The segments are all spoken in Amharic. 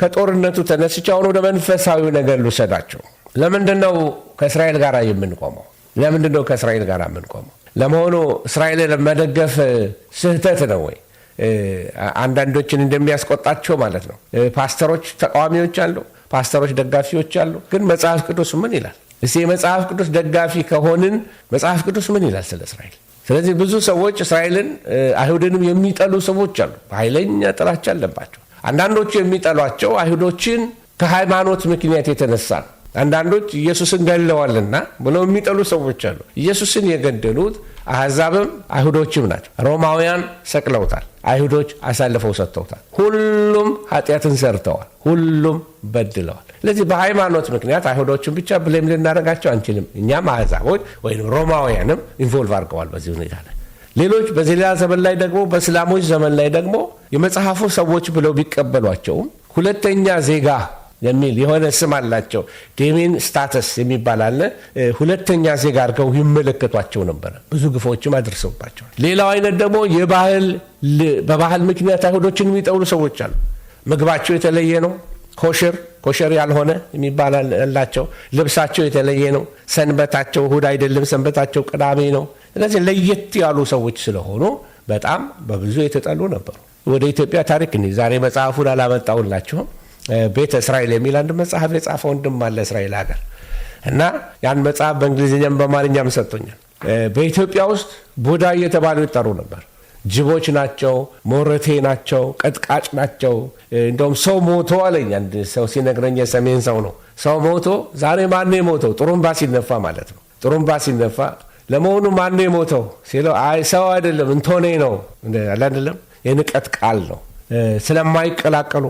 ከጦርነቱ ተነስቼ አሁን ወደ መንፈሳዊ ነገር ልውሰዳቸው። ለምንድነው ከእስራኤል ጋር የምንቆመው? ለምንድነው ከእስራኤል ጋር የምንቆመው? ለመሆኑ እስራኤልን መደገፍ ስህተት ነው ወይ? አንዳንዶችን እንደሚያስቆጣቸው ማለት ነው። ፓስተሮች ተቃዋሚዎች አሉ፣ ፓስተሮች ደጋፊዎች አሉ። ግን መጽሐፍ ቅዱስ ምን ይላል? እስኪ የመጽሐፍ ቅዱስ ደጋፊ ከሆንን መጽሐፍ ቅዱስ ምን ይላል ስለ እስራኤል? ስለዚህ ብዙ ሰዎች እስራኤልን አይሁድንም የሚጠሉ ሰዎች አሉ። ኃይለኛ ጥላቻ አለባቸው። አንዳንዶቹ የሚጠሏቸው አይሁዶችን ከሃይማኖት ምክንያት የተነሳ ነው። አንዳንዶች ኢየሱስን ገለዋልና ብለው የሚጠሉ ሰዎች አሉ። ኢየሱስን የገደሉት አሕዛብም አይሁዶችም ናቸው። ሮማውያን ሰቅለውታል፣ አይሁዶች አሳልፈው ሰጥተውታል። ሁሉም ኃጢአትን ሰርተዋል፣ ሁሉም በድለዋል። ስለዚህ በሃይማኖት ምክንያት አይሁዶችን ብቻ ብሌም ልናደርጋቸው አንችልም። እኛም አሕዛቦች ወይም ሮማውያንም ኢንቮልቭ አድርገዋል በዚህ ሁኔታ ላይ ሌሎች በሌላ ዘመን ላይ ደግሞ በእስላሞች ዘመን ላይ ደግሞ የመጽሐፉ ሰዎች ብለው ቢቀበሏቸውም ሁለተኛ ዜጋ የሚል የሆነ ስም አላቸው። ዴሜን ስታተስ የሚባል አለ። ሁለተኛ ዜጋ አድርገው ይመለከቷቸው ነበረ። ብዙ ግፎችም አድርሰውባቸዋል። ሌላው አይነት ደግሞ የባህል በባህል ምክንያት አይሁዶችን የሚጠሉ ሰዎች አሉ። ምግባቸው የተለየ ነው። ኮሽር ኮሸር ያልሆነ የሚባል አላቸው። ልብሳቸው የተለየ ነው። ሰንበታቸው እሁድ አይደለም። ሰንበታቸው ቅዳሜ ነው። እነዚህ ለየት ያሉ ሰዎች ስለሆኑ በጣም በብዙ የተጠሉ ነበሩ። ወደ ኢትዮጵያ ታሪክ እንሂድ። ዛሬ መጽሐፉን አላመጣሁላችሁም። ቤተ እስራኤል የሚል አንድ መጽሐፍ የጻፈ ወንድም አለ እስራኤል ሀገር እና ያን መጽሐፍ በእንግሊዝኛም በአማርኛም ሰጥቶኛል። በኢትዮጵያ ውስጥ ቡዳ እየተባሉ ይጠሩ ነበር። ጅቦች ናቸው፣ ሞረቴ ናቸው፣ ቀጥቃጭ ናቸው። እንደውም ሰው ሞቶ አለኝ አንድ ሰው ሲነግረኝ፣ የሰሜን ሰው ነው። ሰው ሞቶ ዛሬ ማነው የሞተው? ጥሩምባ ሲነፋ ማለት ነው። ጥሩምባ ሲነፋ ለመሆኑ ማን ነው የሞተው ሲለው አይ ሰው አይደለም እንቶኔ ነው አለ አይደለም። የንቀት ቃል ነው። ስለማይቀላቀሉ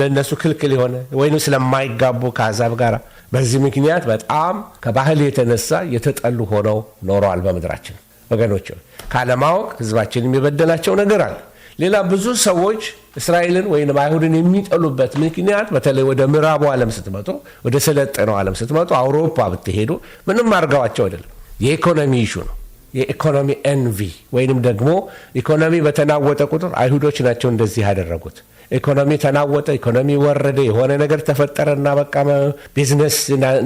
ለእነሱ ክልክል የሆነ ወይም ስለማይጋቡ ከአሕዛብ ጋር በዚህ ምክንያት በጣም ከባህል የተነሳ የተጠሉ ሆነው ኖረዋል በምድራችን ወገኖች። ካለማወቅ ህዝባችን የሚበደላቸው ነገር አለ። ሌላ ብዙ ሰዎች እስራኤልን ወይም አይሁድን የሚጠሉበት ምክንያት በተለይ ወደ ምዕራቡ ዓለም ስትመጡ፣ ወደ ሰለጠነው ዓለም ስትመጡ፣ አውሮፓ ብትሄዱ ምንም አድርገዋቸው አይደለም የኢኮኖሚ ይሹ ነው። የኢኮኖሚ ኤንቪ ወይንም ደግሞ ኢኮኖሚ በተናወጠ ቁጥር አይሁዶች ናቸው እንደዚህ ያደረጉት። ኢኮኖሚ ተናወጠ፣ ኢኮኖሚ ወረደ፣ የሆነ ነገር ተፈጠረ በቃ ቢዝነስ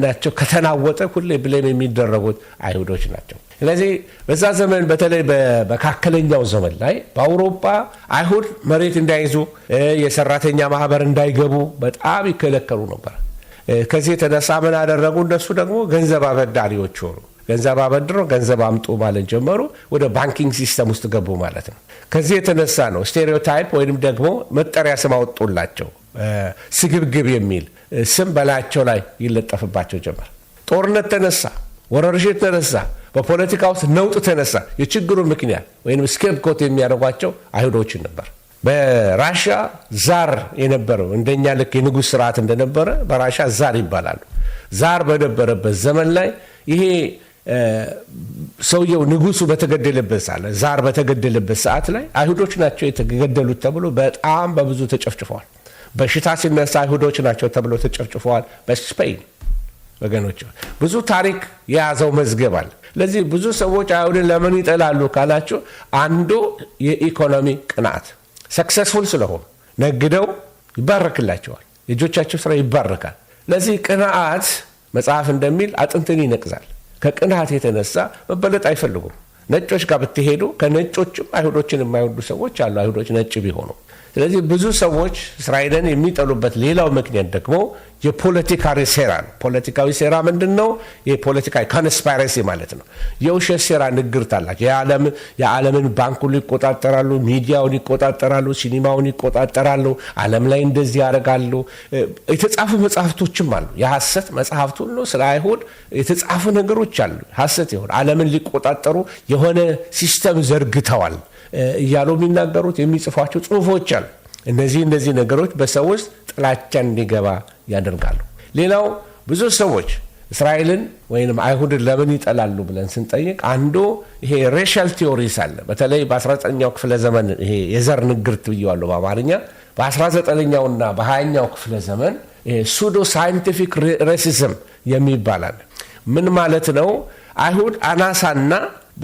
ናቸው ከተናወጠ ሁሌ ብሌም የሚደረጉት አይሁዶች ናቸው። ስለዚህ በዛ ዘመን በተለይ በመካከለኛው ዘመን ላይ በአውሮፓ አይሁድ መሬት እንዳይዙ፣ የሰራተኛ ማህበር እንዳይገቡ በጣም ይከለከሉ ነበር። ከዚህ የተነሳ ምን አደረጉ? እነሱ ደግሞ ገንዘብ አበዳሪዎች ሆኑ። ገንዘብ አበድሮ ገንዘብ አምጡ ማለት ጀመሩ። ወደ ባንኪንግ ሲስተም ውስጥ ገቡ ማለት ነው። ከዚህ የተነሳ ነው ስቴሪዮታይፕ ወይንም ደግሞ መጠሪያ ስም አወጡላቸው። ስግብግብ የሚል ስም በላያቸው ላይ ይለጠፍባቸው ጀመር። ጦርነት ተነሳ፣ ወረርሽኝ ተነሳ፣ በፖለቲካ ውስጥ ነውጥ ተነሳ። የችግሩ ምክንያት ወይም ስኬፕኮት የሚያደርጓቸው አይሁዶችን ነበር። በራሻ ዛር የነበረው እንደኛ ልክ የንጉሥ ስርዓት እንደነበረ በራሻ ዛር ይባላሉ። ዛር በነበረበት ዘመን ላይ ይሄ ሰውየው ንጉሱ በተገደለበት ሰዓት ዛር በተገደለበት ሰዓት ላይ አይሁዶች ናቸው የተገደሉት ተብሎ በጣም በብዙ ተጨፍጭፈዋል። በሽታ ሲነሳ አይሁዶች ናቸው ተብሎ ተጨፍጭፈዋል። በስፔን ወገኖች ብዙ ታሪክ የያዘው መዝገብ አለ። ለዚህ ብዙ ሰዎች አይሁድን ለምን ይጠላሉ ካላቸው አንዱ የኢኮኖሚ ቅናት፣ ሰክሰስፉል ስለሆኑ ነግደው ይባረክላቸዋል። የእጆቻቸው ስራ ይባረካል። ለዚህ ቅንዓት መጽሐፍ እንደሚል አጥንትን ይነቅዛል ከቅንሃት የተነሳ መበለጥ አይፈልጉም። ነጮች ጋር ብትሄዱ ከነጮችም አይሁዶችን የማይወዱ ሰዎች አሉ። አይሁዶች ነጭ ቢሆኑ ስለዚህ ብዙ ሰዎች እስራኤልን የሚጠሉበት ሌላው ምክንያት ደግሞ የፖለቲካ ሴራ ነው። ፖለቲካዊ ሴራ ምንድን ነው? የፖለቲካ ኮንስፓይረሲ ማለት ነው። የውሸት ሴራ ንግርት አላቸው። የዓለምን ባንኩን ይቆጣጠራሉ፣ ሚዲያውን ይቆጣጠራሉ፣ ሲኒማውን ይቆጣጠራሉ፣ ዓለም ላይ እንደዚህ ያደርጋሉ። የተጻፉ መጽሐፍቶችም አሉ። የሐሰት መጽሐፍት ሁሉ ስለ አይሁድ የተጻፉ ነገሮች አሉ። ሐሰት የሆነ ዓለምን ሊቆጣጠሩ የሆነ ሲስተም ዘርግተዋል። እያሉ የሚናገሩት የሚጽፏቸው ጽሁፎች አሉ። እነዚህ እነዚህ ነገሮች በሰው ውስጥ ጥላቻ እንዲገባ ያደርጋሉ። ሌላው ብዙ ሰዎች እስራኤልን ወይም አይሁድን ለምን ይጠላሉ ብለን ስንጠይቅ አንዱ ይሄ ሬሻል ቲዮሪስ አለ። በተለይ በ19ኛው ክፍለ ዘመን ይሄ የዘር ንግርት ብየዋለሁ በአማርኛ በ19ኛውና በ20ኛው ክፍለ ዘመን ሱዶ ሳይንቲፊክ ሬሲዝም የሚባል አለ። ምን ማለት ነው? አይሁድ አናሳና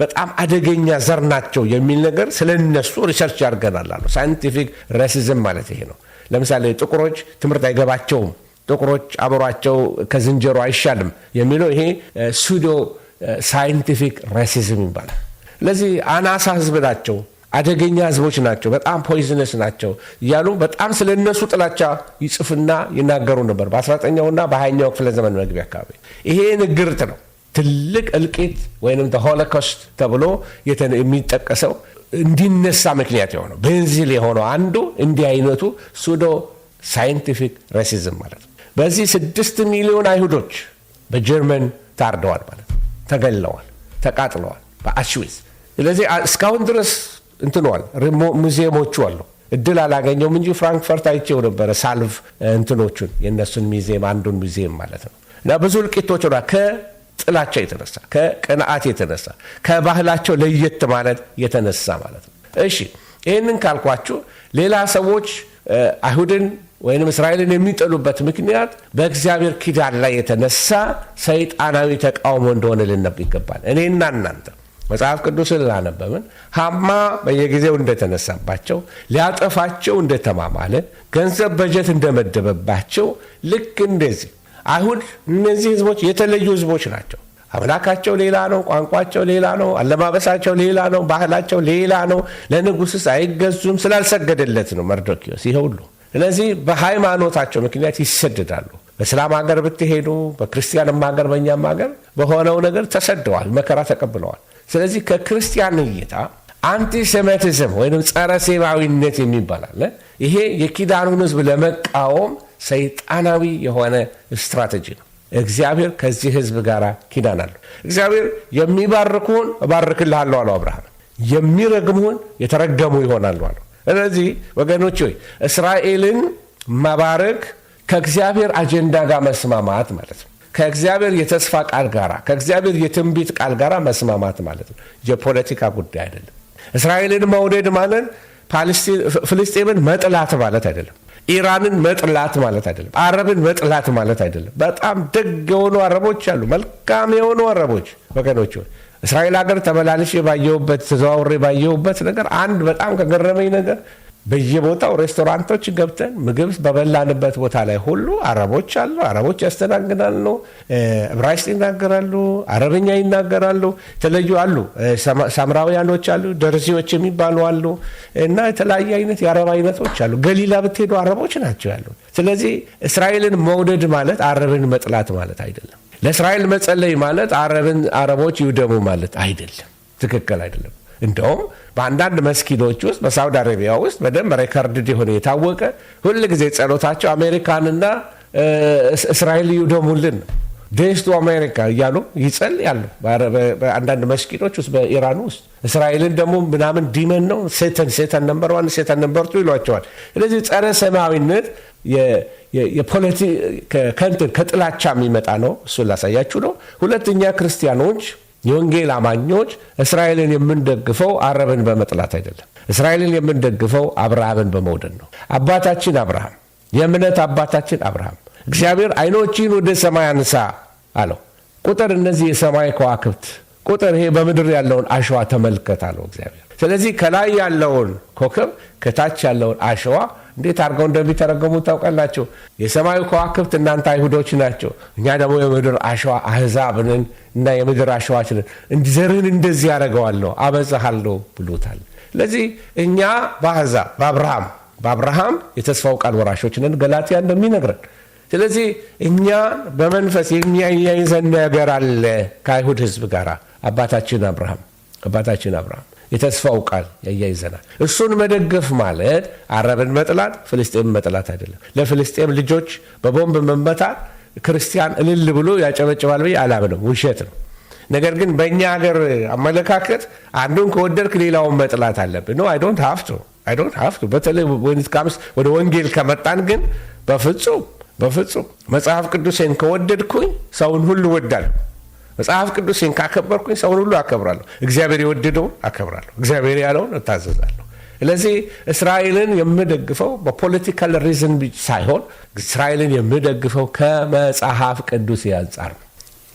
በጣም አደገኛ ዘር ናቸው የሚል ነገር ስለ እነሱ ሪሰርች ያርገናል አሉ። ሳይንቲፊክ ሬሲዝም ማለት ይሄ ነው። ለምሳሌ ጥቁሮች ትምህርት አይገባቸውም፣ ጥቁሮች አብሯቸው ከዝንጀሮ አይሻልም የሚለው ይሄ ሱዶ ሳይንቲፊክ ሬሲዝም ይባላል። ለዚህ አናሳ ህዝብ ናቸው፣ አደገኛ ህዝቦች ናቸው፣ በጣም ፖይዝነስ ናቸው እያሉ በጣም ስለ እነሱ ጥላቻ ይጽፍና ይናገሩ ነበር በ19ኛውና በ20ኛው ክፍለ ዘመን መግቢያ አካባቢ ይሄ ንግርት ነው። ትልቅ እልቂት ወይም ሆሎኮስት ተብሎ የሚጠቀሰው እንዲነሳ ምክንያት የሆነው ቤንዚል የሆነው አንዱ እንዲህ አይነቱ ሱዶ ሳይንቲፊክ ሬሲዝም ማለት ነው። በዚህ ስድስት ሚሊዮን አይሁዶች በጀርመን ታርደዋል ማለት ነው። ተገለዋል፣ ተቃጥለዋል በአሽዊዝ። ስለዚህ እስካሁን ድረስ እንትነዋል ሙዚየሞቹ አሉ። እድል አላገኘውም እንጂ ፍራንክፈርት አይቼው ነበረ ሳልቭ እንትኖቹን የእነሱን ሚዚየም አንዱን ሚዚየም ማለት ነው እና ብዙ እልቂቶች ሆኗል። ጥላቻ የተነሳ ከቅንዓት የተነሳ ከባህላቸው ለየት ማለት የተነሳ ማለት ነው። እሺ ይህንን ካልኳችሁ ሌላ ሰዎች አይሁድን ወይም እስራኤልን የሚጠሉበት ምክንያት በእግዚአብሔር ኪዳን ላይ የተነሳ ሰይጣናዊ ተቃውሞ እንደሆነ ልነብ ይገባል። እኔና እናንተ መጽሐፍ ቅዱስን ላነበብን ሀማ በየጊዜው እንደተነሳባቸው ሊያጠፋቸው እንደተማማለ ገንዘብ በጀት እንደመደበባቸው ልክ እንደዚህ አይሁድ እነዚህ ህዝቦች የተለዩ ህዝቦች ናቸው። አምላካቸው ሌላ ነው። ቋንቋቸው ሌላ ነው። አለባበሳቸው ሌላ ነው። ባህላቸው ሌላ ነው። ለንጉስስ አይገዙም። ስላልሰገደለት ነው መርዶኪዎስ ይሄ ሁሉ። ስለዚህ በሃይማኖታቸው ምክንያት ይሰደዳሉ። በእስላም ሀገር ብትሄዱ፣ በክርስቲያንም ሀገር፣ በእኛም ሀገር በሆነው ነገር ተሰደዋል፣ መከራ ተቀብለዋል። ስለዚህ ከክርስቲያን እይታ አንቲሴሜቲዝም ወይም ጸረ ሴማዊነት የሚባል አለ። ይሄ የኪዳኑን ህዝብ ለመቃወም ሰይጣናዊ የሆነ ስትራቴጂ ነው። እግዚአብሔር ከዚህ ህዝብ ጋር ኪዳን አለው። እግዚአብሔር የሚባርኩን እባርክልሃለሁ አለው አብርሃም፣ የሚረግሙን የተረገሙ ይሆናሉ አለው። ስለዚህ ወገኖች ሆይ እስራኤልን መባረክ ከእግዚአብሔር አጀንዳ ጋር መስማማት ማለት ነው። ከእግዚአብሔር የተስፋ ቃል ጋር ከእግዚአብሔር የትንቢት ቃል ጋር መስማማት ማለት ነው። የፖለቲካ ጉዳይ አይደለም። እስራኤልን መውደድ ማለት ፍልስጤምን መጥላት ማለት አይደለም። ኢራንን መጥላት ማለት አይደለም። አረብን መጥላት ማለት አይደለም። በጣም ደግ የሆኑ አረቦች አሉ፣ መልካም የሆኑ አረቦች ወገኖች። እስራኤል ሀገር ተመላልሼ ባየሁበት ተዘዋውሬ ባየሁበት ነገር አንድ በጣም ከገረመኝ ነገር በየቦታው ሬስቶራንቶች ገብተን ምግብ በበላንበት ቦታ ላይ ሁሉ አረቦች አሉ፣ አረቦች ያስተናግዳሉ፣ ዕብራይስጥ ይናገራሉ፣ አረብኛ ይናገራሉ፣ የተለዩ አሉ፣ ሳምራውያኖች አሉ፣ ደርዚዎች የሚባሉ አሉ እና የተለያየ አይነት የአረብ አይነቶች አሉ። ገሊላ ብትሄዱ አረቦች ናቸው ያሉ። ስለዚህ እስራኤልን መውደድ ማለት አረብን መጥላት ማለት አይደለም። ለእስራኤል መጸለይ ማለት አረብን አረቦች ይውደሙ ማለት አይደለም። ትክክል አይደለም። እንደውም በአንዳንድ መስኪኖች ውስጥ በሳውዲ አረቢያ ውስጥ በደንብ ሬከርድ የሆነ የታወቀ ሁል ጊዜ ጸሎታቸው አሜሪካንና እስራኤል ይውደሙልን ነው ደስቱ አሜሪካ እያሉ ይጸልያሉ። በአንዳንድ መስኪኖች ውስጥ በኢራን ውስጥ እስራኤልን ደግሞ ምናምን ዲመን ነው ሴተን ሴተን ነምበር ዋን ሴተን ነምበር ቱ ይሏቸዋል። ስለዚህ ጸረ ሰማዊነት የፖለቲ ከንትን ከጥላቻ የሚመጣ ነው። እሱን ላሳያችሁ ነው። ሁለተኛ ክርስቲያኖች የወንጌል አማኞች እስራኤልን የምንደግፈው አረብን በመጥላት አይደለም። እስራኤልን የምንደግፈው አብርሃምን በመውደድ ነው። አባታችን አብርሃም፣ የእምነት አባታችን አብርሃም እግዚአብሔር ዓይኖችን ወደ ሰማይ አንሳ አለው። ቁጥር እነዚህ የሰማይ ከዋክብት ቁጥር ይሄ በምድር ያለውን አሸዋ ተመልከት አለው እግዚአብሔር። ስለዚህ ከላይ ያለውን ኮከብ ከታች ያለውን አሸዋ እንዴት አድርገው እንደሚተረገሙ ታውቃላችሁ። የሰማዩ ከዋክብት እናንተ አይሁዶች ናቸው፣ እኛ ደግሞ የምድር አሸዋ አህዛብ ነን እና የምድር አሸዋች ነን። ዘርህን እንደዚህ ያደረገዋለሁ አበዛሃለሁ ብሎታል። ስለዚህ እኛ በአህዛብ በአብርሃም በአብርሃም የተስፋው ቃል ወራሾች ነን ገላትያ እንደሚነግረን ስለዚህ እኛ በመንፈስ የሚያያይዘን ነገር አለ ከአይሁድ ህዝብ ጋር አባታችን አብርሃም አባታችን አብርሃም የተስፋው ቃል ያያይዘናል። እሱን መደገፍ ማለት አረብን መጥላት፣ ፍልስጤም መጥላት አይደለም። ለፍልስጤም ልጆች በቦምብ መመታት ክርስቲያን እልል ብሎ ያጨበጭባል ብዬ አላምንም፣ ውሸት ነው። ነገር ግን በእኛ ሀገር አመለካከት አንዱን ከወደድክ ሌላውን መጥላት አለብን ነው። አይ ዶንት አይ ዶንት በተለይ ወደ ወንጌል ከመጣን ግን በፍጹም በፍጹም መጽሐፍ ቅዱሴን ከወደድኩኝ ሰውን ሁሉ ወዳለሁ። መጽሐፍ ቅዱሴን ካከበርኩኝ ሰውን ሁሉ አከብራለሁ። እግዚአብሔር የወደደውን አከብራለሁ። እግዚአብሔር ያለውን እታዘዛለሁ። ስለዚህ እስራኤልን የምደግፈው በፖለቲካል ሪዝን ሳይሆን እስራኤልን የምደግፈው ከመጽሐፍ ቅዱስ አንጻር ነው።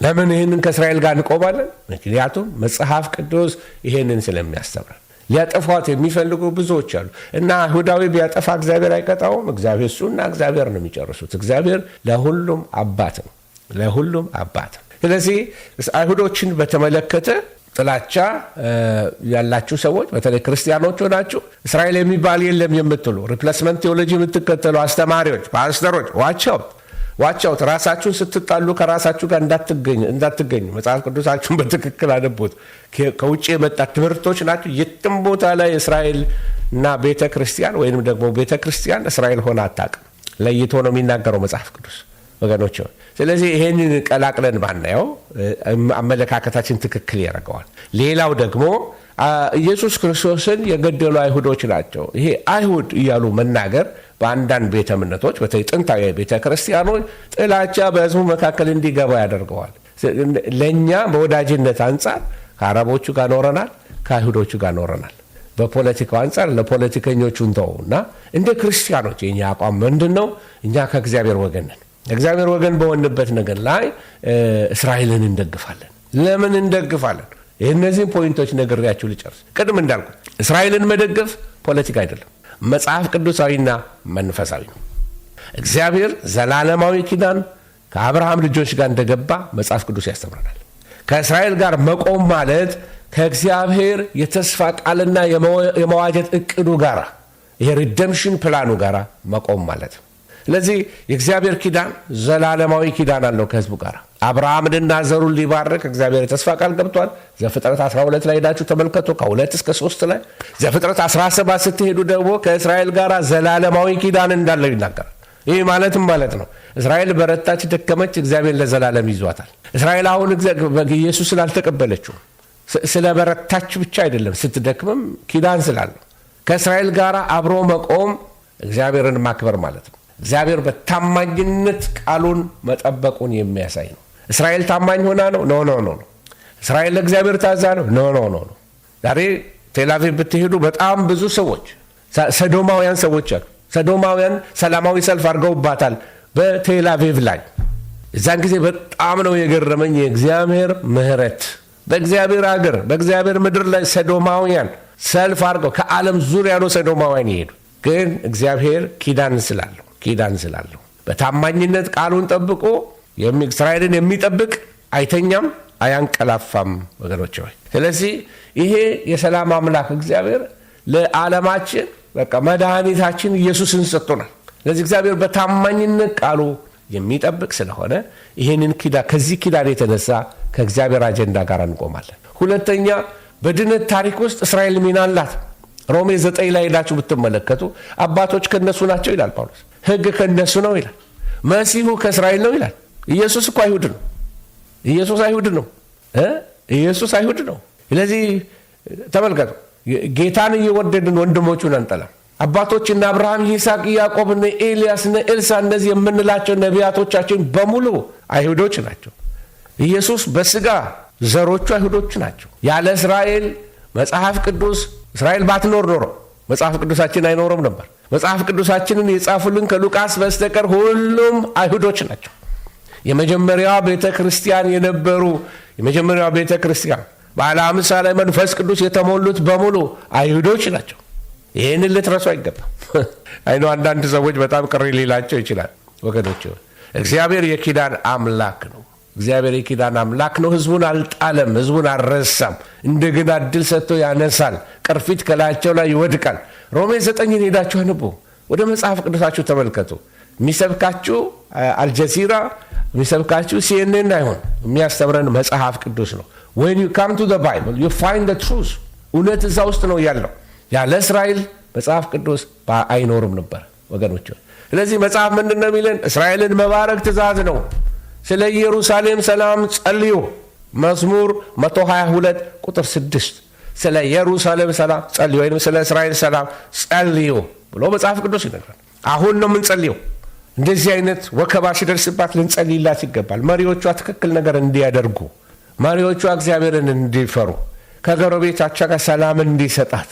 ለምን ይህንን ከእስራኤል ጋር እንቆማለን? ምክንያቱም መጽሐፍ ቅዱስ ይሄንን ስለሚያስተምራል። ሊያጠፏት የሚፈልጉ ብዙዎች አሉ እና አይሁዳዊ ቢያጠፋ እግዚአብሔር አይቀጣውም። እግዚአብሔር እሱና እግዚአብሔር ነው የሚጨርሱት። እግዚአብሔር ለሁሉም አባት ነው። ለሁሉም አባት ነው። ስለዚህ አይሁዶችን በተመለከተ ጥላቻ ያላችሁ ሰዎች በተለይ ክርስቲያኖች ሆናችሁ እስራኤል የሚባል የለም የምትሉ ሪፕሌስመንት ቴዎሎጂ የምትከተሉ አስተማሪዎች፣ ፓስተሮች ዋቸው ዋቻውት ራሳችሁን ስትጣሉ ከራሳችሁ ጋር እንዳትገኙ መጽሐፍ ቅዱሳችሁን በትክክል አነቡት። ከውጭ የመጣ ትምህርቶች ናቸው። የትም ቦታ ላይ እስራኤል እና ቤተ ክርስቲያን ወይም ደግሞ ቤተ ክርስቲያን እስራኤል ሆነ አታውቅም። ለይቶ ነው የሚናገረው መጽሐፍ ቅዱስ። ወገኖች ስለዚህ ይህንን ቀላቅለን ባናየው አመለካከታችን ትክክል ያደርገዋል። ሌላው ደግሞ ኢየሱስ ክርስቶስን የገደሉ አይሁዶች ናቸው። ይሄ አይሁድ እያሉ መናገር በአንዳንድ ቤተ እምነቶች በተለይ ጥንታዊ ቤተ ክርስቲያኖች ጥላቻ በሕዝቡ መካከል እንዲገባ ያደርገዋል። ለእኛ በወዳጅነት አንጻር ከአረቦቹ ጋር ኖረናል፣ ከአይሁዶቹ ጋር ኖረናል። በፖለቲካው አንጻር ለፖለቲከኞቹ እንተው እና እንደ ክርስቲያኖች የኛ አቋም ምንድን ነው? እኛ ከእግዚአብሔር ወገን ነን። እግዚአብሔር ወገን በሆንበት ነገር ላይ እስራኤልን እንደግፋለን። ለምን እንደግፋለን? የእነዚህን ፖይንቶች ነግሬያችሁ ልጨርስ። ቅድም እንዳልኩ እስራኤልን መደገፍ ፖለቲካ አይደለም፣ መጽሐፍ ቅዱሳዊና መንፈሳዊ ነው። እግዚአብሔር ዘላለማዊ ኪዳን ከአብርሃም ልጆች ጋር እንደገባ መጽሐፍ ቅዱስ ያስተምረናል። ከእስራኤል ጋር መቆም ማለት ከእግዚአብሔር የተስፋ ቃልና የመዋጀት እቅዱ ጋር የሪደምሽን ፕላኑ ጋር መቆም ማለት ነው። ስለዚህ የእግዚአብሔር ኪዳን ዘላለማዊ ኪዳን አለው ከህዝቡ ጋር አብርሃምንና ዘሩን ሊባርክ እግዚአብሔር የተስፋ ቃል ገብቷል። ዘፍጥረት 12 ላይ ሄዳችሁ ተመልከቱ፣ ከ2 እስከ 3 ላይ ዘፍጥረት 17 ስትሄዱ ደግሞ ከእስራኤል ጋር ዘላለማዊ ኪዳን እንዳለው ይናገራል። ይህ ማለትም ማለት ነው እስራኤል በረታች፣ ደከመች፣ እግዚአብሔር ለዘላለም ይዟታል። እስራኤል አሁን ኢየሱስ ስላልተቀበለችው ስለ በረታች ብቻ አይደለም፣ ስትደክምም ኪዳን ስላለው ከእስራኤል ጋር አብሮ መቆም እግዚአብሔርን ማክበር ማለት ነው። እግዚአብሔር በታማኝነት ቃሉን መጠበቁን የሚያሳይ ነው። እስራኤል ታማኝ ሆና ነው? ኖ ኖ ኖ። እስራኤል ለእግዚአብሔር ታዛ ነው? ኖ ኖ ኖ። ዛሬ ቴላቪቭ ብትሄዱ በጣም ብዙ ሰዎች ሰዶማውያን ሰዎች አሉ። ሰዶማውያን ሰላማዊ ሰልፍ አድርገውባታል በቴላቪቭ ላይ። እዛን ጊዜ በጣም ነው የገረመኝ የእግዚአብሔር ምሕረት በእግዚአብሔር አገር በእግዚአብሔር ምድር ላይ ሰዶማውያን ሰልፍ አድርገው ከዓለም ዙሪያ ነው ሰዶማውያን ይሄዱ። ግን እግዚአብሔር ኪዳን ስላለው ኪዳን ስላለሁ በታማኝነት ቃሉን ጠብቆ እስራኤልን የሚጠብቅ አይተኛም አያንቀላፋም። ወገኖች ሆይ ስለዚህ ይሄ የሰላም አምላክ እግዚአብሔር ለዓለማችን በቃ መድኃኒታችን ኢየሱስን ሰጥቶናል። ስለዚህ እግዚአብሔር በታማኝነት ቃሉ የሚጠብቅ ስለሆነ ይህንን ኪዳ ከዚህ ኪዳን የተነሳ ከእግዚአብሔር አጀንዳ ጋር እንቆማለን። ሁለተኛ በድነት ታሪክ ውስጥ እስራኤል ሚና አላት። ሮሜ ዘጠኝ ላይ ሄዳችሁ ብትመለከቱ አባቶች ከነሱ ናቸው ይላል ጳውሎስ። ህግ ከእነሱ ነው ይላል። መሲሁ ከእስራኤል ነው ይላል። ኢየሱስ እኮ አይሁድ ነው። ኢየሱስ አይሁድ ነው። ኢየሱስ አይሁድ ነው። ስለዚህ ተመልከቱ፣ ጌታን እየወደድን ወንድሞቹን አንጠላም። አባቶች እነ አብርሃም፣ ይስሐቅ፣ ያዕቆብ፣ እነ ኤልያስ፣ እነ ኤልሳ እነዚህ የምንላቸው ነቢያቶቻችን በሙሉ አይሁዶች ናቸው። ኢየሱስ በስጋ ዘሮቹ አይሁዶች ናቸው። ያለ እስራኤል መጽሐፍ ቅዱስ እስራኤል ባትኖር ኖረው መጽሐፍ ቅዱሳችን አይኖርም ነበር። መጽሐፍ ቅዱሳችንን የጻፉልን ከሉቃስ በስተቀር ሁሉም አይሁዶች ናቸው። የመጀመሪያዋ ቤተ ክርስቲያን የነበሩ የመጀመሪያዋ ቤተ ክርስቲያን በዓለ ሃምሳ ላይ መንፈስ ቅዱስ የተሞሉት በሙሉ አይሁዶች ናቸው። ይህንን ልትረሱ አይገባም። አይኖ አንዳንድ ሰዎች በጣም ቅር ሊላቸው ይችላል። ወገኖች፣ እግዚአብሔር የኪዳን አምላክ ነው። እግዚአብሔር የኪዳን አምላክ ነው። ህዝቡን አልጣለም፣ ህዝቡን አልረሳም። እንደገና እድል ሰጥቶ ያነሳል። ቅርፊት ከላያቸው ላይ ይወድቃል። ሮሜ ዘጠኝን ሄዳችሁ አንቡ። ወደ መጽሐፍ ቅዱሳችሁ ተመልከቱ። የሚሰብካችሁ አልጀዚራ የሚሰብካችሁ ሲኤንኤን አይሆን። የሚያስተምረን መጽሐፍ ቅዱስ ነው። ወን ዩ ካም ቱ ባይብል ዩ ፋይንድ ትሩዝ። እውነት እዛ ውስጥ ነው ያለው። ያለ እስራኤል መጽሐፍ ቅዱስ አይኖርም ነበር ወገኖች። ስለዚህ መጽሐፍ ምንድን ነው የሚለን? እስራኤልን መባረክ ትእዛዝ ነው። ስለ ኢየሩሳሌም ሰላም ጸልዩ። መዝሙር 122 ቁጥር 6 ስለ ኢየሩሳሌም ሰላም ጸልዩ ወይም ስለ እስራኤል ሰላም ጸልዩ ብሎ መጽሐፍ ቅዱስ ይነግራል። አሁን ነው የምንጸልየው። እንደዚህ አይነት ወከባ ሲደርስባት ልንጸልይላት ይገባል። መሪዎቿ ትክክል ነገር እንዲያደርጉ፣ መሪዎቿ እግዚአብሔርን እንዲፈሩ፣ ከጎረቤቶቿ ጋር ሰላም እንዲሰጣት።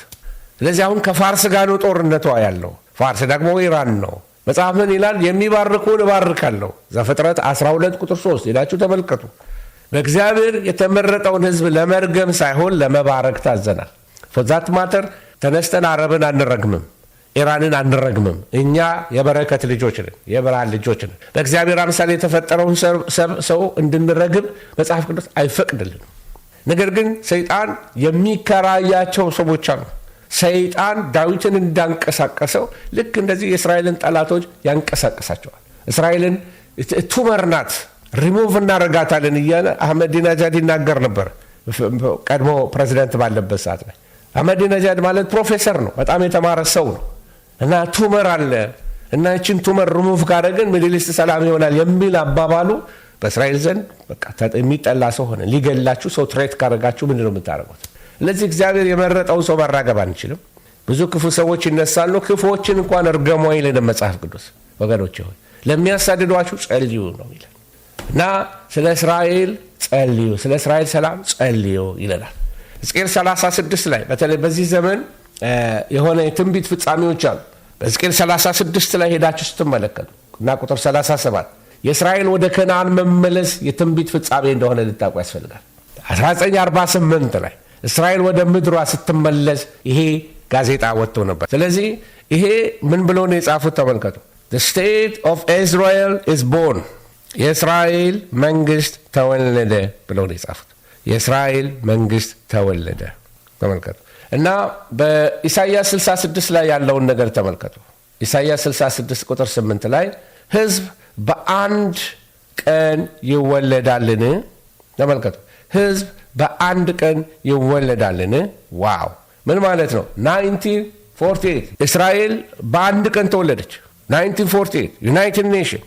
ስለዚህ አሁን ከፋርስ ጋር ነው ጦርነቷ ያለው። ፋርስ ደግሞ ኢራን ነው። መጽሐፍ ምን ይላል? የሚባርኩን እባርካለሁ። ዘፍጥረት 12 ቁጥር 3 ሄዳችሁ ተመልከቱ። በእግዚአብሔር የተመረጠውን ሕዝብ ለመርገም ሳይሆን ለመባረክ ታዘናል። ፎዛት ማተር ተነስተን አረብን አንረግምም፣ ኢራንን አንረግምም። እኛ የበረከት ልጆች ነን፣ የብርሃን ልጆች ነን። በእግዚአብሔር አምሳል የተፈጠረውን ሰው እንድንረግም መጽሐፍ ቅዱስ አይፈቅድልንም። ነገር ግን ሰይጣን የሚከራያቸው ሰዎች አሉ። ሰይጣን ዳዊትን እንዳንቀሳቀሰው ልክ እንደዚህ የእስራኤልን ጠላቶች ያንቀሳቀሳቸዋል። እስራኤልን ቱመር ናት ሪሙቭ እናረጋታለን እያለ አህመዲናጃድ ይናገር ነበር። ቀድሞ ፕሬዚደንት ባለበት ሰዓት ላይ አህመዲናጃድ ማለት ፕሮፌሰር ነው፣ በጣም የተማረ ሰው ነው። እና ቱመር አለ እና ይችን ቱመር ሪሙቭ ካደረግን ሚድሊስት ሰላም ይሆናል የሚል አባባሉ በእስራኤል ዘንድ የሚጠላ ሰው ሆነ። ሊገላችሁ ሰው ትሬት ካደረጋችሁ ምንድነው የምታደርጉት? ለዚህ እግዚአብሔር የመረጠውን ሰው ማራገብ አንችልም። ብዙ ክፉ ሰዎች ይነሳሉ። ክፉዎችን እንኳን እርገሟ ይለን መጽሐፍ ቅዱስ። ወገኖች ሆይ ለሚያሳድዷችሁ ጸልዩ ነው ይለን እና ስለ እስራኤል ጸልዩ፣ ስለ እስራኤል ሰላም ጸልዩ ይለናል። ሕዝቅኤል 36 ላይ በተለይ በዚህ ዘመን የሆነ የትንቢት ፍጻሜዎች አሉ። በሕዝቅኤል 36 ላይ ሄዳችሁ ስትመለከቱ እና ቁጥር 37 የእስራኤል ወደ ከነአን መመለስ የትንቢት ፍጻሜ እንደሆነ ልታውቁ ያስፈልጋል። 1948 ላይ እስራኤል ወደ ምድሯ ስትመለስ ይሄ ጋዜጣ ወጥቶ ነበር። ስለዚህ ይሄ ምን ብሎ ነው የጻፉት? ተመልከቱ። ስቴት ኦፍ እስራኤል ኢዝ ቦርን፣ የእስራኤል መንግስት ተወለደ ብሎ ነው የጻፉት። የእስራኤል መንግስት ተወለደ። ተመልከቱ እና በኢሳይያስ 66 ላይ ያለውን ነገር ተመልከቱ። ኢሳይያስ 66 ቁጥር 8 ላይ ህዝብ በአንድ ቀን ይወለዳልን? ተመልከቱ ህዝብ በአንድ ቀን ይወለዳልን? ዋው! ምን ማለት ነው? 1948 እስራኤል በአንድ ቀን ተወለደች። 1948 ዩናይትድ ኔሽን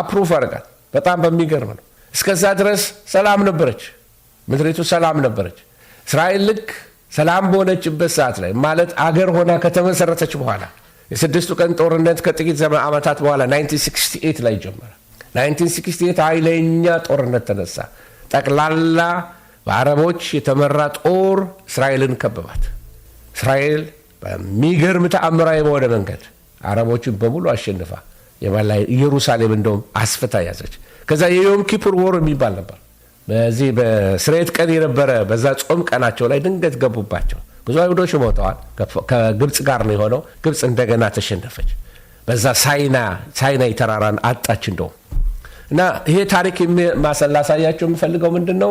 አፕሩፍ አረጋት። በጣም በሚገርም ነው። እስከዛ ድረስ ሰላም ነበረች፣ ምድሪቱ ሰላም ነበረች። እስራኤል ልክ ሰላም በሆነችበት ሰዓት ላይ ማለት አገር ሆና ከተመሰረተች በኋላ የስድስቱ ቀን ጦርነት ከጥቂት ዘመን ዓመታት በኋላ 1968 ላይ ጀመረ። 1968 ኃይለኛ ጦርነት ተነሳ። ጠቅላላ በአረቦች የተመራ ጦር እስራኤልን ከበባት። እስራኤል በሚገርም ተአምራዊ በሆነ መንገድ አረቦችን በሙሉ አሸንፋ ኢየሩሳሌም እንደውም አስፍታ ያዘች። ከዛ የዮም ኪፑር ወር የሚባል ነበር። በዚህ በስርየት ቀን የነበረ በዛ ጾም ቀናቸው ላይ ድንገት ገቡባቸው። ብዙ አይሁዶች ሞተዋል። ከግብፅ ጋር ነው የሆነው። ግብፅ እንደገና ተሸነፈች። በዛ ሳይናይ ተራራን አጣች እንደውም እና ይሄ ታሪክ ማሰላሳያቸው የምፈልገው ምንድን ነው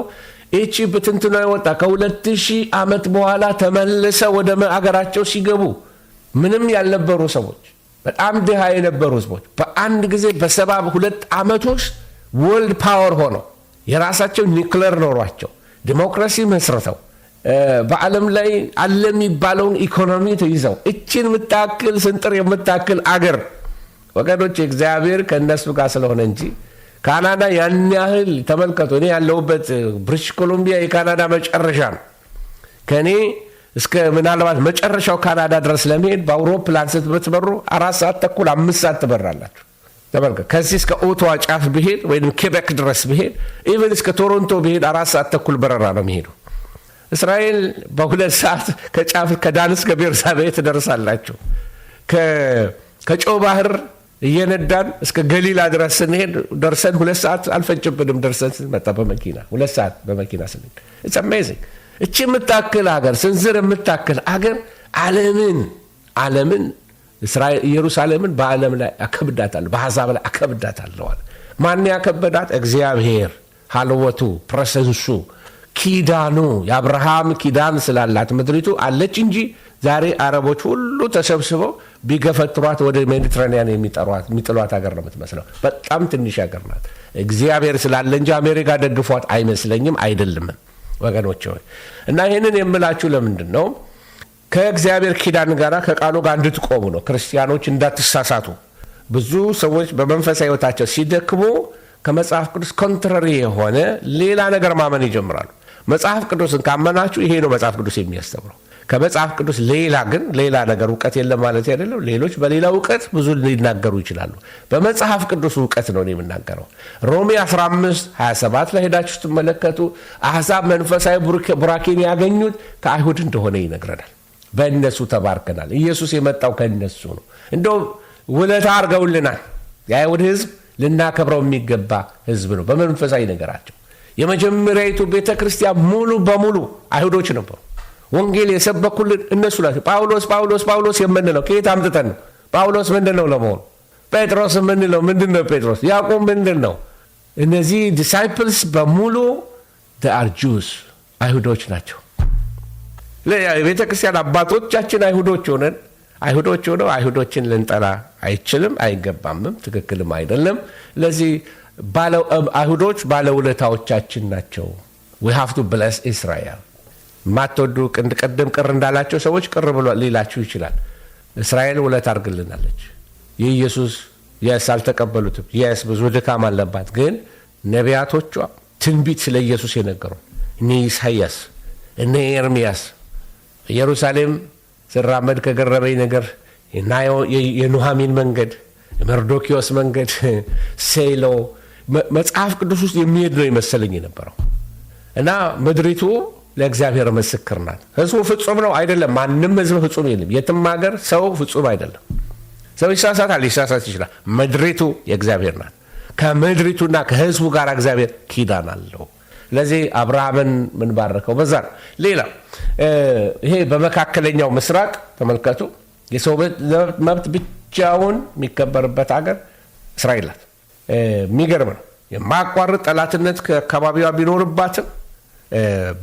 ይቺ ብትንትኗ ወጣ ከሁለት ሺህ ዓመት በኋላ ተመልሰ ወደ አገራቸው ሲገቡ ምንም ያልነበሩ ሰዎች በጣም ድሃ የነበሩ ህዝቦች በአንድ ጊዜ በሰባ ሁለት ውስጥ ወርልድ ፓወር ሆነው የራሳቸው ኒክለር ኖሯቸው ዲሞክራሲ መስርተው በዓለም ላይ አለ የሚባለውን ኢኮኖሚ ተይዘው እችን የምታክል ስንጥር የምታክል አገር ወገኖች እግዚአብሔር ከእነሱ ጋር ስለሆነ እንጂ ካናዳ ያን ያህል ተመልከቱ። እኔ ያለሁበት ብሪቲሽ ኮሎምቢያ የካናዳ መጨረሻ ነው። ከእኔ እስከ ምናልባት መጨረሻው ካናዳ ድረስ ለመሄድ በአውሮፕላን ስትበሩ አራት ሰዓት ተኩል አምስት ሰዓት ትበራላችሁ። ተመልከት ከዚህ እስከ ኦቶዋ ጫፍ ብሄድ ወይም ኬቤክ ድረስ ብሄድ ኢቨን እስከ ቶሮንቶ ብሄድ አራት ሰዓት ተኩል በረራ ነው የሚሄደው። እስራኤል በሁለት ሰዓት ከጫፍ ከዳንስ ከቤርሳቤ ቤርሳቤህ ትደርሳላችሁ። ከጨው ባህር እየነዳን እስከ ገሊላ ድረስ ስንሄድ ደርሰን ሁለት ሰዓት አልፈጭብንም። ደርሰን ስንመጣ በመኪና ሁለት ሰዓት በመኪና ስንሄድ አሜዚንግ። እቺ የምታክል አገር ስንዝር የምታክል አገር ዓለምን ዓለምን ኢየሩሳሌምን በዓለም ላይ አከብዳታለሁ፣ በአሕዛብ ላይ አከብዳት አለዋል። ማን ያከበዳት? እግዚአብሔር ሀልወቱ ፕረሰንሱ ኪዳኑ የአብርሃም ኪዳን ስላላት ምድሪቱ አለች እንጂ ዛሬ አረቦች ሁሉ ተሰብስበው ቢገፈጥሯት ወደ ሜዲትራኒያን የሚጥሏት ሀገር ነው የምትመስለው። በጣም ትንሽ ሀገር ናት። እግዚአብሔር ስላለ እንጂ አሜሪካ ደግፏት አይመስለኝም፣ አይደለምም ወገኖች ሆይ። እና ይህንን የምላችሁ ለምንድን ነው? ከእግዚአብሔር ኪዳን ጋር ከቃሉ ጋር እንድትቆሙ ነው። ክርስቲያኖች እንዳትሳሳቱ። ብዙ ሰዎች በመንፈሳዊ ሕይወታቸው ሲደክሙ ከመጽሐፍ ቅዱስ ኮንትራሪ የሆነ ሌላ ነገር ማመን ይጀምራሉ። መጽሐፍ ቅዱስን ካመናችሁ ይሄ ነው መጽሐፍ ቅዱስ የሚያስተምረው ከመጽሐፍ ቅዱስ ሌላ ግን ሌላ ነገር እውቀት የለም ማለት አይደለም። ሌሎች በሌላ እውቀት ብዙ ሊናገሩ ይችላሉ። በመጽሐፍ ቅዱስ እውቀት ነው የምናገረው። ሮሜ 15 27 ላይ ሄዳችሁ ስትመለከቱ አሕዛብ መንፈሳዊ ቡራኬን ያገኙት ከአይሁድ እንደሆነ ይነግረናል። በእነሱ ተባርከናል። ኢየሱስ የመጣው ከእነሱ ነው። እንደው ውለታ አድርገውልናል። የአይሁድ ሕዝብ ልናከብረው የሚገባ ሕዝብ ነው። በመንፈሳዊ ነገራቸው የመጀመሪያዊቱ ቤተ ክርስቲያን ሙሉ በሙሉ አይሁዶች ነበሩ። ወንጌል የሰበኩልን እነሱ ናቸው። ጳውሎስ ጳውሎስ ጳውሎስ የምንለው ከየት አምጥተን ነው? ጳውሎስ ምንድን ነው ለመሆኑ? ጴጥሮስ ምንለው ምንድን ነው? ጴጥሮስ ያዕቆብ ምንድን ነው? እነዚህ ዲሳይፕልስ በሙሉ አር ጁስ አይሁዶች ናቸው። ቤተ ክርስቲያን አባቶቻችን አይሁዶች ሆነን አይሁዶች ሆነው አይሁዶችን ልንጠራ አይችልም፣ አይገባምም፣ ትክክልም አይደለም። ለዚህ አይሁዶች ባለውለታዎቻችን ናቸው። ዊ ሃቭ ቱ ብለስ እስራኤል ማትወዱ ቀደም ቅር እንዳላቸው ሰዎች ቅር ብሎ ሊላችሁ ይችላል። እስራኤል ውለት አድርግልናለች። የኢየሱስ የስ አልተቀበሉትም። የስ ብዙ ድካም አለባት። ግን ነቢያቶቿ ትንቢት ስለ ኢየሱስ የነገሩ እነ ኢሳያስ እነ ኤርሚያስ ኢየሩሳሌም ስራመድ ከገረበኝ ነገር የኑሃሚን መንገድ፣ የመርዶኪዎስ መንገድ፣ ሴሎ መጽሐፍ ቅዱስ ውስጥ የሚሄድ ነው የመሰለኝ የነበረው እና ምድሪቱ ለእግዚአብሔር ምስክር ናት። ህዝቡ ፍጹም ነው አይደለም። ማንም ህዝብ ፍጹም የለም። የትም ሀገር ሰው ፍጹም አይደለም። ሰው ይሳሳታል፣ ሊሳሳት ይችላል። ምድሪቱ የእግዚአብሔር ናት። ከምድሪቱና ከህዝቡ ጋር እግዚአብሔር ኪዳን አለው። ስለዚህ አብርሃምን ምንባረከው በዛ ነው። ሌላ ይሄ በመካከለኛው ምስራቅ ተመልከቱ፣ የሰው መብት ብቻውን የሚከበርበት ሀገር እስራኤል ናት። የሚገርም ነው። የማያቋርጥ ጠላትነት ከአካባቢዋ ቢኖርባትም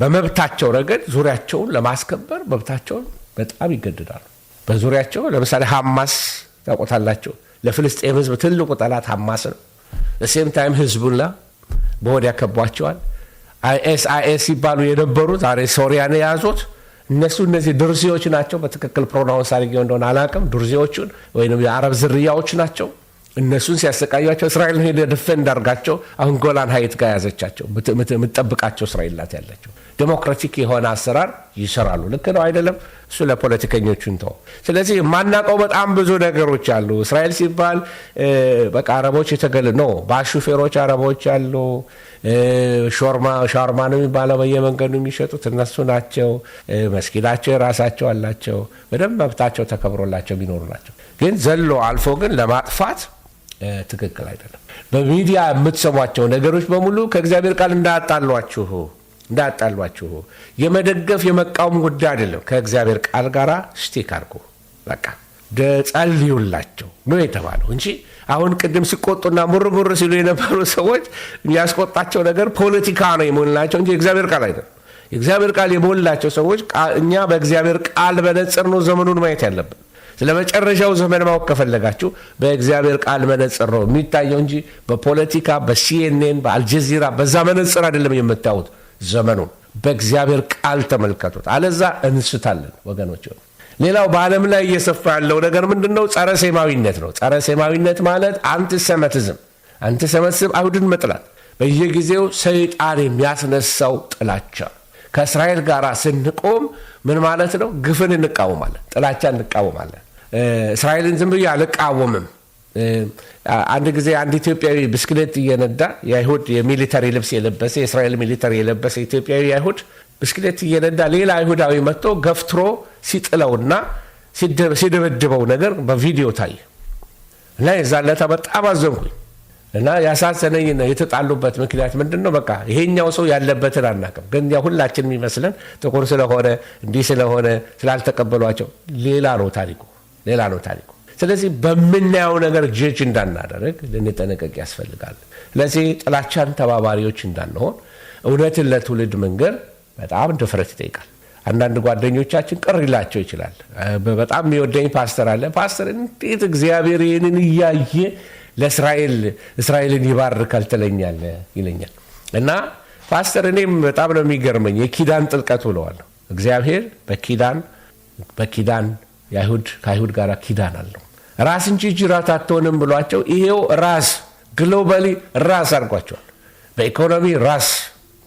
በመብታቸው ረገድ ዙሪያቸውን ለማስከበር መብታቸውን በጣም ይገድዳሉ። በዙሪያቸው ለምሳሌ ሐማስ ታውቆታላቸው። ለፍልስጤም ህዝብ ትልቁ ጠላት ሐማስ ነው። ለሴም ታይም ህዝቡላ በወድ ያከቧቸዋል። አይኤስ አይኤስ ሲባሉ የነበሩ ዛሬ ሶሪያን የያዙት እነሱ እነዚህ ድርዚዎች ናቸው። በትክክል ፕሮናውንስ አድርጌው እንደሆነ አላውቅም። ድርዚዎቹን ወይም የአረብ ዝርያዎች ናቸው። እነሱን ሲያሰቃያቸው እስራኤል ሄደ ደፈ እንዳርጋቸው አሁን ጎላን ሀይት ጋር ያዘቻቸው የምጠብቃቸው እስራኤል ናት ያለችው። ዴሞክራቲክ የሆነ አሰራር ይሰራሉ። ልክ ነው አይደለም? እሱ ለፖለቲከኞቹ እንተው። ስለዚህ የማናውቀው በጣም ብዙ ነገሮች አሉ። እስራኤል ሲባል በቃ አረቦች የተገለ ነው። በአሹፌሮች አረቦች አሉ። ሻርማ ነው የሚባለው በየመንገዱ የሚሸጡት እነሱ ናቸው። መስጊዳቸው የራሳቸው አላቸው። በደንብ መብታቸው ተከብሮላቸው የሚኖሩ ናቸው። ግን ዘሎ አልፎ ግን ለማጥፋት ትክክል አይደለም። በሚዲያ የምትሰሟቸው ነገሮች በሙሉ ከእግዚአብሔር ቃል እንዳያጣሏችሁ እንዳያጣሏችሁ። የመደገፍ የመቃወም ጉዳይ አይደለም። ከእግዚአብሔር ቃል ጋር ስቲክ አድርጎ በቃ ደጸልዩላቸው ነው የተባለው እንጂ አሁን ቅድም ሲቆጡና ሙር ሲሉ የነበሩ ሰዎች የሚያስቆጣቸው ነገር ፖለቲካ ነው የሞላቸው እንጂ እግዚአብሔር ቃል አይደለም። የእግዚአብሔር ቃል የሞላቸው ሰዎች እኛ በእግዚአብሔር ቃል በነጽር ነው ዘመኑን ማየት ያለብን። ስለ መጨረሻው ዘመን ማወቅ ከፈለጋችሁ በእግዚአብሔር ቃል መነጽር ነው የሚታየው እንጂ በፖለቲካ በሲኤንኤን በአልጀዚራ በዛ መነጽር አይደለም የምታዩት። ዘመኑን በእግዚአብሔር ቃል ተመልከቱት፣ አለዛ እንስታለን ወገኖች። ሌላው በዓለም ላይ እየሰፋ ያለው ነገር ምንድን ነው? ጸረ ሴማዊነት ነው። ጸረ ሴማዊነት ማለት አንቲሰመቲዝም፣ አንቲሰመቲዝም አይሁድን መጥላት፣ በየጊዜው ሰይጣን የሚያስነሳው ጥላቻ ከእስራኤል ጋር ስንቆም ምን ማለት ነው? ግፍን እንቃወማለን፣ ጥላቻ እንቃወማለን። እስራኤልን ዝም ብዬ አልቃወምም። አንድ ጊዜ አንድ ኢትዮጵያዊ ብስክሌት እየነዳ የአይሁድ የሚሊተሪ ልብስ የለበሰ የእስራኤል ሚሊተሪ የለበሰ ኢትዮጵያዊ አይሁድ ብስክሌት እየነዳ ሌላ አይሁዳዊ መጥቶ ገፍትሮ ሲጥለውና ሲደበድበው ነገር በቪዲዮ ታየ እና የዛን በጣም አዘንኩኝ እና ያሳዘነኝ የተጣሉበት ምክንያት ምንድን ነው? በቃ ይሄኛው ሰው ያለበትን አናውቅም፣ ግን ያው ሁላችን የሚመስለን ጥቁር ስለሆነ እንዲህ ስለሆነ ስላልተቀበሏቸው ሌላ ነው ታሪኩ። ሌላ ነው ታሪኩ። ስለዚህ በምናየው ነገር ጅጅ እንዳናደርግ ልንጠነቀቅ ያስፈልጋል። ስለዚህ ጥላቻን ተባባሪዎች እንዳንሆን እውነትን ለትውልድ መንገር በጣም ድፍረት ይጠይቃል። አንዳንድ ጓደኞቻችን ቅር ይላቸው ይችላል። በጣም የሚወደኝ ፓስተር አለ። ፓስተር እንዴት እግዚአብሔር ይህንን እያየ ለእስራኤል እስራኤልን ይባርካል ትለኛለህ ይለኛል እና ፓስተር እኔም በጣም ነው የሚገርመኝ የኪዳን ጥልቀት ብለዋል እግዚአብሔር በኪዳን በኪዳን ከአይሁድ ጋር ኪዳን አለው። ራስ እንጂ ጅራት አትሆንም ብሏቸው ይሄው ራስ ግሎባሊ ራስ አድርጓቸዋል። በኢኮኖሚ ራስ፣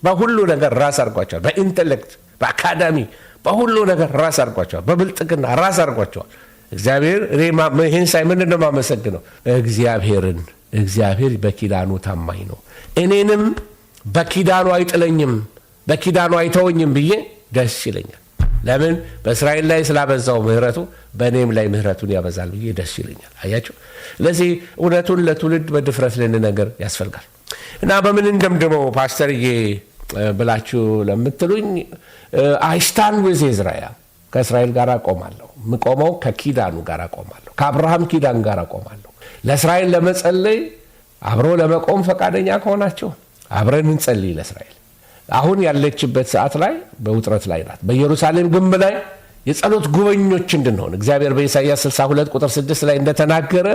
በሁሉ ነገር ራስ አድርጓቸዋል። በኢንቴሌክት፣ በአካዳሚ፣ በሁሉ ነገር ራስ አድርጓቸዋል። በብልጥግና ራስ አድርጓቸዋል። እግዚአብሔር ይህን ሳይ ምንድን ነው የማመሰግነው? እግዚአብሔርን እግዚአብሔር በኪዳኑ ታማኝ ነው። እኔንም በኪዳኑ አይጥለኝም፣ በኪዳኑ አይተወኝም ብዬ ደስ ይለኛል። ለምን በእስራኤል ላይ ስላበዛው ምህረቱ በእኔም ላይ ምህረቱን ያበዛል ብዬ ደስ ይለኛል። አያቸው። ስለዚህ እውነቱን ለትውልድ በድፍረት ልንነገር ያስፈልጋል እና በምን እንደምድመው ፓስተርዬ ብላችሁ ለምትሉኝ አይስታን ዊዝ እዝራኤል ከእስራኤል ጋር ቆማለሁ። ምቆመው ከኪዳኑ ጋር ቆማለሁ። ከአብርሃም ኪዳን ጋር ቆማለሁ። ለእስራኤል ለመጸለይ አብሮ ለመቆም ፈቃደኛ ከሆናቸው አብረን እንጸልይ ለእስራኤል አሁን ያለችበት ሰዓት ላይ በውጥረት ላይ ናት። በኢየሩሳሌም ግንብ ላይ የጸሎት ጉበኞች እንድንሆን እግዚአብሔር በኢሳያስ 62 ቁጥር 6 ላይ እንደተናገረ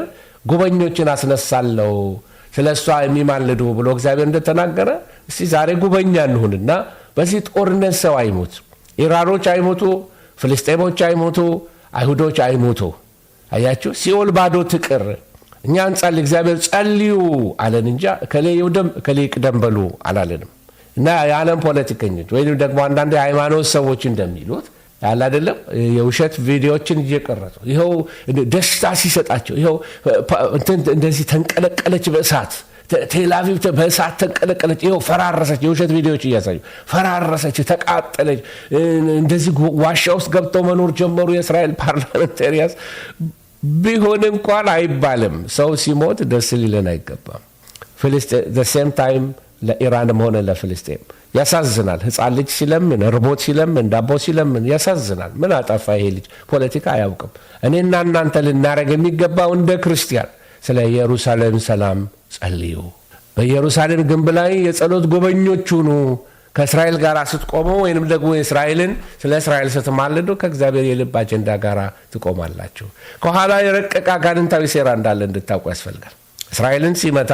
ጉበኞችን አስነሳለሁ ስለ እሷ የሚማልዱ ብሎ እግዚአብሔር እንደተናገረ እስቲ ዛሬ ጉበኛ እንሁንና በዚህ ጦርነት ሰው አይሞት፣ ኢራኖች አይሞቱ፣ ፍልስጤሞች አይሞቱ፣ አይሁዶች አይሞቱ። አያችሁ ሲኦል ባዶ ትቅር። እኛ እንጸልይ፣ እግዚአብሔር ጸልዩ አለን እንጃ እከሌ ይውደም እከሌ ይቅደም በሉ አላለንም። እና የዓለም ፖለቲከኞች ወይም ደግሞ አንዳንድ የሃይማኖት ሰዎች እንደሚሉት ያለ አይደለም የውሸት ቪዲዮዎችን እየቀረጹ ይኸው ደስታ ሲሰጣቸው ይኸው እንደዚህ ተንቀለቀለች በእሳት ቴላቪቭ በእሳት ተንቀለቀለች፣ ይኸው ፈራረሰች። የውሸት ቪዲዮዎች እያሳዩ ፈራረሰች፣ ተቃጠለች፣ እንደዚህ ዋሻ ውስጥ ገብተው መኖር ጀመሩ። የእስራኤል ፓርላሜንታሪያንስ ቢሆን እንኳን አይባልም። ሰው ሲሞት ደስ ሊለን አይገባም። ሴም ታይም ለኢራንም ሆነ ለፍልስጤም ያሳዝናል። ህፃን ልጅ ሲለምን ርቦት ሲለምን ዳቦ ሲለምን ያሳዝናል። ምን አጠፋ ይሄ ልጅ? ፖለቲካ አያውቅም። እኔና እናንተ ልናደረግ የሚገባው እንደ ክርስቲያን ስለ ኢየሩሳሌም ሰላም ጸልዩ። በኢየሩሳሌም ግንብ ላይ የጸሎት ጎበኞች ሁኑ። ከእስራኤል ጋር ስትቆሙ ወይንም ደግሞ እስራኤልን ስለ እስራኤል ስትማልዱ ከእግዚአብሔር የልብ አጀንዳ ጋር ትቆማላችሁ። ከኋላ የረቀቀ አጋንንታዊ ሴራ እንዳለ እንድታውቁ ያስፈልጋል። እስራኤልን ሲመታ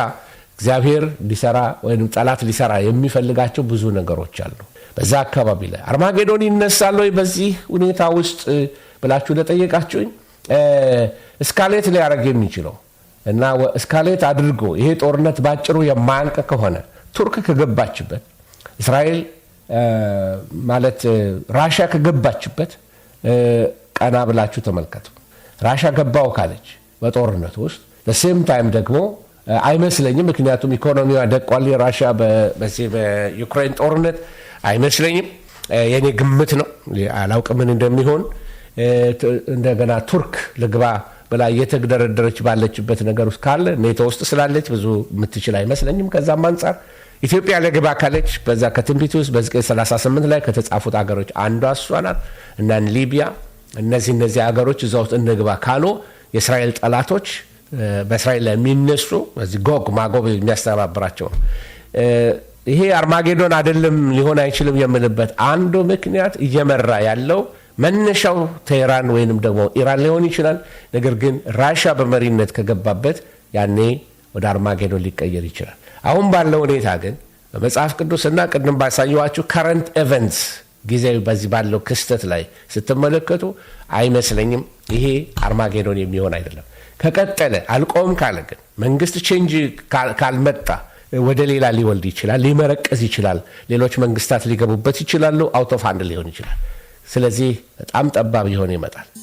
እግዚአብሔር ሊሰራ ወይም ጠላት ሊሰራ የሚፈልጋቸው ብዙ ነገሮች አሉ። በዛ አካባቢ ላይ አርማጌዶን ይነሳል ወይ በዚህ ሁኔታ ውስጥ ብላችሁ ለጠየቃችሁኝ እስካሌት ሊያደርግ የሚችለው እና እስካሌት አድርጎ ይሄ ጦርነት ባጭሩ የማያልቅ ከሆነ ቱርክ ከገባችበት፣ እስራኤል ማለት ራሻ ከገባችበት ቀና ብላችሁ ተመልከቱ። ራሻ ገባው ካለች በጦርነቱ ውስጥ ለሴም ታይም ደግሞ አይመስለኝም። ምክንያቱም ኢኮኖሚዋ ደቋል። የራሽያ በዚህ በዩክሬን ጦርነት አይመስለኝም። የእኔ ግምት ነው። አላውቅ ምን እንደሚሆን። እንደገና ቱርክ ልግባ ብላ እየተደረደረች ባለችበት ነገር ውስጥ ካለ ኔቶ ውስጥ ስላለች ብዙ የምትችል አይመስለኝም። ከዛም አንጻር ኢትዮጵያ ለግባ ካለች በዛ ከትንቢት ውስጥ በሕዝቅኤል 38 ላይ ከተጻፉት አገሮች አንዷ እሷ ናት እና ሊቢያ እነዚህ እነዚህ አገሮች እዛ ውስጥ እንግባ ካሉ የእስራኤል ጠላቶች በእስራኤል ላይ የሚነሱ ጎግ ማጎግ የሚያስተባብራቸው ነው። ይሄ አርማጌዶን አይደለም ሊሆን አይችልም የምልበት አንዱ ምክንያት እየመራ ያለው መነሻው ቴህራን ወይንም ደግሞ ኢራን ሊሆን ይችላል። ነገር ግን ራሻ በመሪነት ከገባበት ያኔ ወደ አርማጌዶን ሊቀየር ይችላል። አሁን ባለው ሁኔታ ግን በመጽሐፍ ቅዱስ እና ቅድም ባሳየኋችሁ ከረንት ኤቨንትስ ጊዜያዊ በዚህ ባለው ክስተት ላይ ስትመለከቱ አይመስለኝም ይሄ አርማጌዶን የሚሆን አይደለም። ከቀጠለ አልቆም ካለ ግን መንግስት ቼንጅ ካልመጣ ወደ ሌላ ሊወልድ ይችላል፣ ሊመረቀዝ ይችላል፣ ሌሎች መንግስታት ሊገቡበት ይችላሉ፣ አውቶፋንድ ሊሆን ይችላል። ስለዚህ በጣም ጠባብ የሆነ ይመጣል።